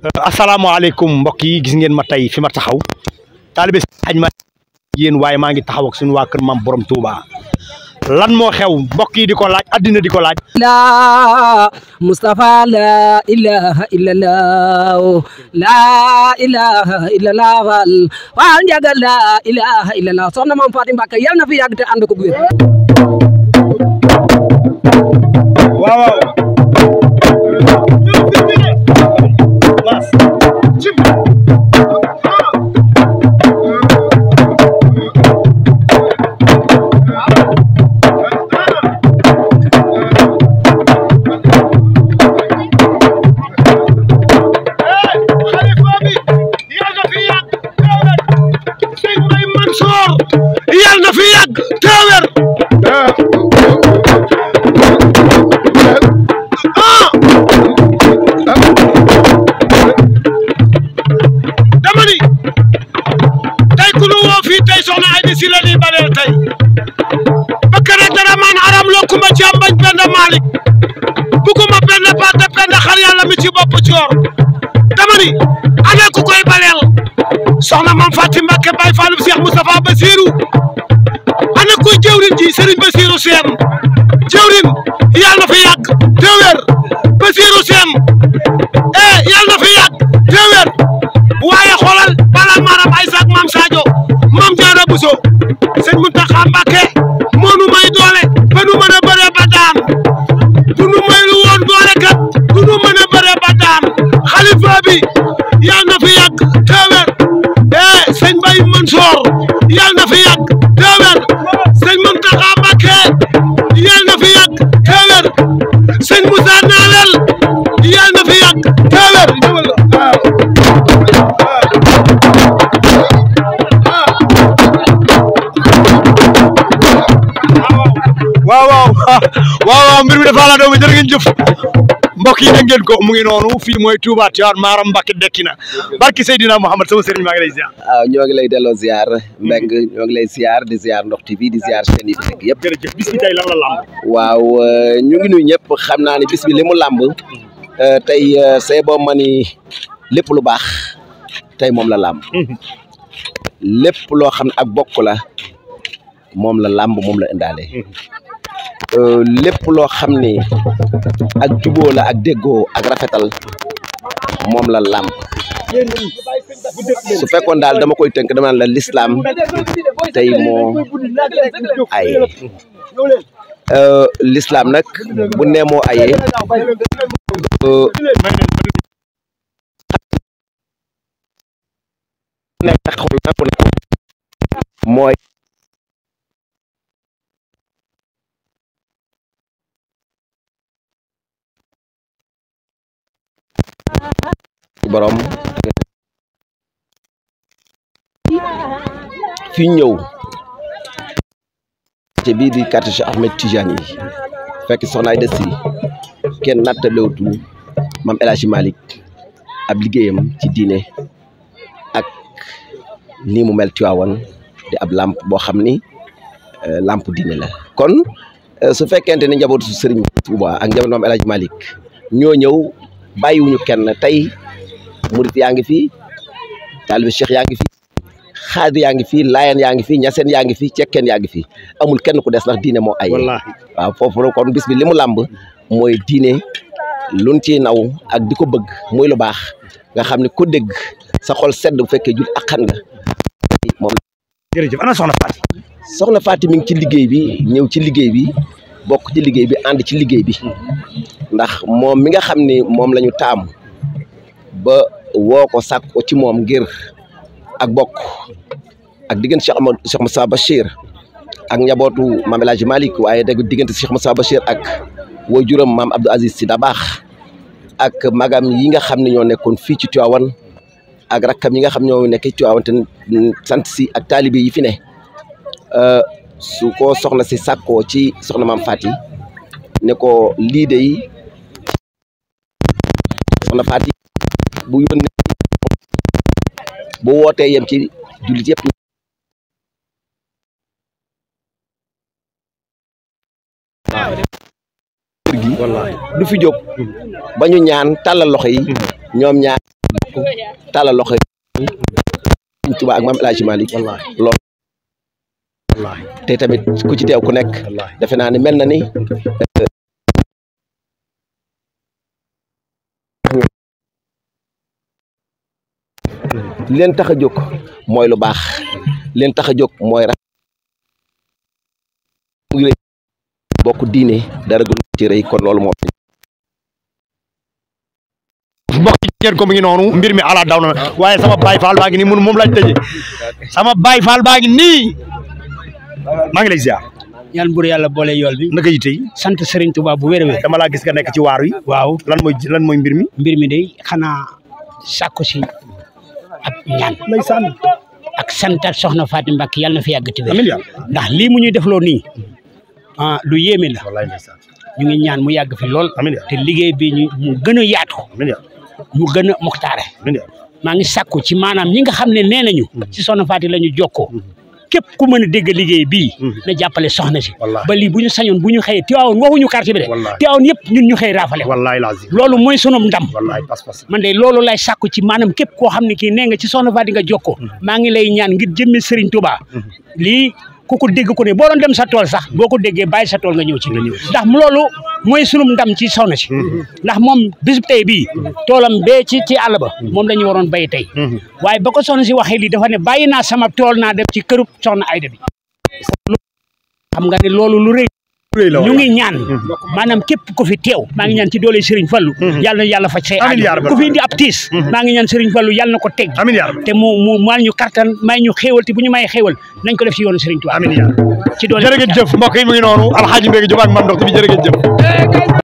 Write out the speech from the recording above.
Euh, asalaamaaleykum mbokk yi gis ngeen ma tey fi ma taxaw taalibe xaj ma yéen waaye maa ngi taxaw ak suñu waa kër maam borom Touba lan moo xew mbokk yi di ko laaj addina di ko laaj la Mustafa la ilaha illallah la ilaha illallah waaw njaga la ilaha illallah soxna na fi yàgg te ànd ko wér tey soxna Aïda Sylla baleel tey bëgg na dara man aram loo kuma Penda Malick bëgguma benn parte Penda xar yàlla mi ci bopp coor dama ni koy baleel soxna Mame Faty Mbacké Baye Fallou Cheikh Moustapha Bassirou ana ji Serigne Bassirou Sène jëwrin yàlla na fi yàgg te wér Bassirou Bousso sëñ Mountakha Mbacké waaw waaw mbir mi dafa laa doomu jërë ngeen jëf mbokk yi ngeen ko mu ngi noonu fii mooy Touba Tivaouane Maram Mbacke dekki na barki Seydina Mouhamed sama sëriñ maa ngi lay ñoo ngi lay delloo ziar mm-hmm. Mbengue ñoo ngi lay ziar di ziar Ndokh TV di ziar chaîne yi nekk yëpp. jërëjëf bis waaw euh, ñu ngi nuyu ñëpp xam naa ne bis bi li mu lamb mm-hmm. euh, tey euh, say boo lépp lu baax tey moom la làmb. Mm-hmm. lépp loo xam ne ak bokk la moom la làmb moom la indaale. Euh, lépp loo xam ni ak juboo la ak déggoo ak rafetal moom la làmb su fekkoon daal dama koy tënk dama la lislaam tey moo ay euh, lislaam nag bu nee moo ayee euh, nekk xol na borom fi ñëw ci bii di quartier Cheikh yi fekk soxnaay des si kenn nattalewutul maam El Hadji Malick ab liggéeyam ci diine ak nii mu mel Tiwaawan di ab làmp boo xam ni euh, làmp diine la kon euh, su fekkente ni njabootu Serigne Touba ak njabootu maam El Hadji ñoo ñëw bàyyiwuñu kenn tey murit yaa ngi fi taalibe cheikh yaa ngi fii xaadir yaa ngi fii laayeen yaa ngi fii ñaseen yaa ngi fii cekkeen yaa ngi fii amul kenn ku des ndax diine moo ay waaw foofu la kon bis bi li mu làmb mooy diine luñ ciy naw ak di ko bëgg muy lu baax nga xam ne ko dégg saxol xol sedd bu fekkee jul ak xan soxna Faty soxna Faty mi ngi ci liggéey bi ñëw ci liggéey bi bokk ci liggéey bi ànd ci liggéey bi ndax moom mi nga xam ne moom lañu ñu taam ba woo ko sàkk ci moom ngir ak bokk ak diggante Cheikh ma Cheikh Moussa Bachir ak njabootu maam El Hadj Malick waaye dégg diggante Cheikh Moussa Bachir ak waajuram maam Abdou Aziz Sy Dabakh ak magam yi nga xam ne ñoo nekkoon fii ci Tivaouane ak rakkam yi nga xam ñoo nekk ci Tivaouane te sant si ak taalibe yi fi ne euh, su ko soxna si sàkkoo ci soxna maam Fati ne ko lii soxna Fati bu yónnee bu wootee yem ci jullit yëpp du fi jóg ba ñu ñaan tàllal loxo yi ñoom ñaan loxo yi Sëñ Tuubaa ak Maam El Hadji Malick lool te tamit ku ci teew ku nekk defe naa ni mel na ni li leen tax a jóg mooy lu baax li tax a jóg mooy ra bokk diine dara gën ci rëy kon loolu moo mbokk ngeen ko mu ngi noonu mbir mi ala daw na waaye sama baay faal baa ngi nii mun moom laaj tëje sama baay faal maa ngi lay ziar ñaan bur yàlla boole yool bi naka yite yi sant Serigne Touba bu wér wér dama laa gis nga nekk ci waar wi waaw lan mooy lan mooy mbir mi mbir mi day xanaa sàkku si ak ñaan ndeysaan ak santaat soxna Fatou Mbacke yàlla na fi yàgg te wér ndax lii mu ñuy defloo nii ah lu yéeme la ñu ngi ñaan mu yàgg fi lool te liggéey bi ñu mu gën a yaatu mu gën a muxtaare maa ngi sàkku ci maanaam ñi nga xam ne nee nañu mm-hmm. ci soxna Fatou la ñu jokkoo mm-hmm. képp ku mën a dégg liggéey bii hmm. na jàppale soxna si ba lii bu ñu sañoon bu ñu xëyee Tiwaawoon waxuñu quartier bi de Tiwaawoon yëpp ñun ñu xëy raafale loolu mooy sunum ndam man de loolu lay sàkku ci maanaam képp koo xam ne kii nee nga ci soxna Faty nga jokkoo hmm. maa ngi lay ñaan ngir jëmme Serigne Touba hmm. lii ku ko dégg ku ne boo doon dem sa tool sax boo ko déggee bàyyi sa tool nga ñëw ci ndax mu loolu mooy sunum ndam ci soxna si mm-hmm. ndax moom bisub tey bii mm-hmm. toolam bee ci ci àll ba mm-hmm. moom la waroon bay tey waaye ba ko soxna waxee lii dafa ne bàyyi naa sama tool naa dem ci kërub soxna Ayda bi xam nga ne loolu lu rëy ñu ngi ñaan mm-hmm. maanaam képp ku fi teew maa ngi ñaan ci doole Serigne Fallou mm-hmm. yàlla na yàlla fa say aajo ku fi indi ab mm-hmm. maa ngi ñaan Serigne Fallou yàlla na ko teg te mu mu maa ñu kartan may ñu xéewal te bu ñu may xéewal nañ ko def si yoonu Serigne Touba amiin ci doole jërëjëf mbokk yi mu ngi noonu alxaaji Mbégi Jóob ak Mame Ndokh bi jërëjëf